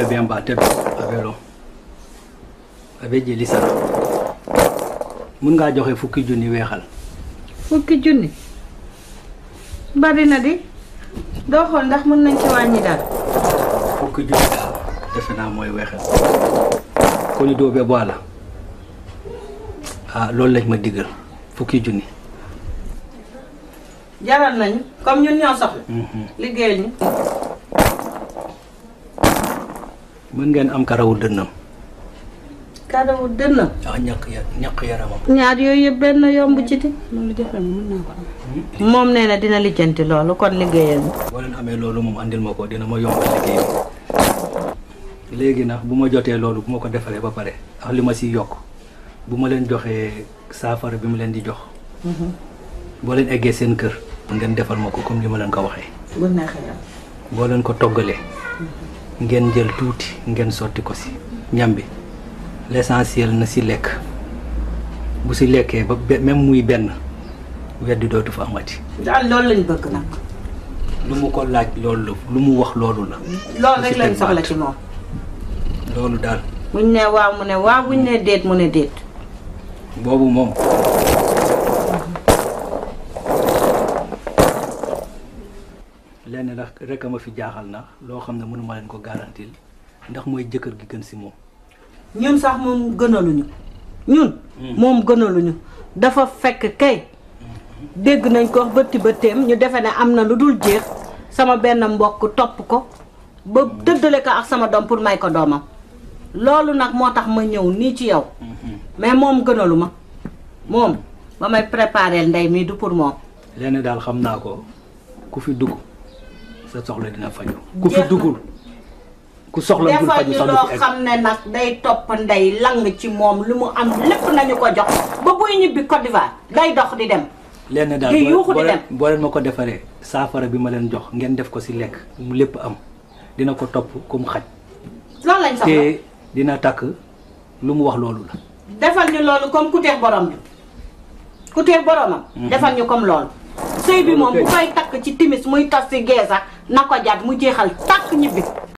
bɛ bɛn ba a tɛ a bɛ lɔ a mun ngaa joxe fukki junni weexal fukki junni bari di doo ndax mën nañ ci wàññi daal fukki junni daal defe naa mooy weexal ko ni doo be loolu lañ ma diggal fukki junni jaral nañu comme ñun ñoo soxla mhm. liggéeyal ñu mën ngeen am karawu dënnam. karawu dënnam. ah ñàkk ñàkk yaramam. ñaar yooyu yëpp benn yomb ci di. loolu jafe na mën naa hmm? moom nee na dina lijjanti loolu kon liggéeyal. boo leen amee loolu moom andil ma ko dina ma yomb liggéeyam léegi nag bu ma jotee loolu bu ma ko defaree ba pare ak ah, li ma si yokk bu ma leen joxee saafara bi mu leen di jox. Mhm. boo leen eggee seen kër. ngeen defal ma ko comme li ma leen ko waxee. boo leen ko toggalee. Mhm. ngeen jël tuuti ngeen sotti ko si ñam bi l'essentiel na si lekk bu si lekkee ba même muy benn weddi dootu fa amati. daal lool lañ bëgg nag. lu mu ko laaj loolu lu mu wax loolu la. loolu rek lañ soxla ci moom. loolu daal. buñ ne waaw mu ne waaw buñ ne déet mu ne déet. boobu moom. lenn rek a ma fi jaaxal na loo xam ne mënu ma leen ko garantil ndax mooy jëkkër gi gën si moom. ñun sax moom gënaluñu ñun. Hmm. moom gënaluñu dafa fekk kay. dégg nañ ko wax bëtti bëtteem ñu defe ne am na lu dul jeex sama benn mbokk topp ko ba hmm. dëddale ko ak sama doom pour may ko doomam loolu nag moo tax ma ñëw nii ci yow. Hmm. mais moom gënalu ma moom ba may préparé ndey mii du pour moom. lenn daal xam naa ko ku fi dugg. sa soxla dina faju ku fi dugul ku soxla dugul faju sax loo xam ne nag day topp ndey lang ci moom lu mu am lépp nañu ko jox ba buy ñibbi Côte day dox di dem lenn daal boo leen ma ko defaree saafara bi ma leen jox ngeen def ko si lekk lépp am dina ko topp comme xaj lañ soxla dina takk lu mu wax loolu la defal ñu loolu comme ku borom bi ku boromam mm-hmm. defal ñu comme loolu sëy bi moom bu koy takk ci timis muy tas si geesa na ko jàdd mu jeexal takk ñibbi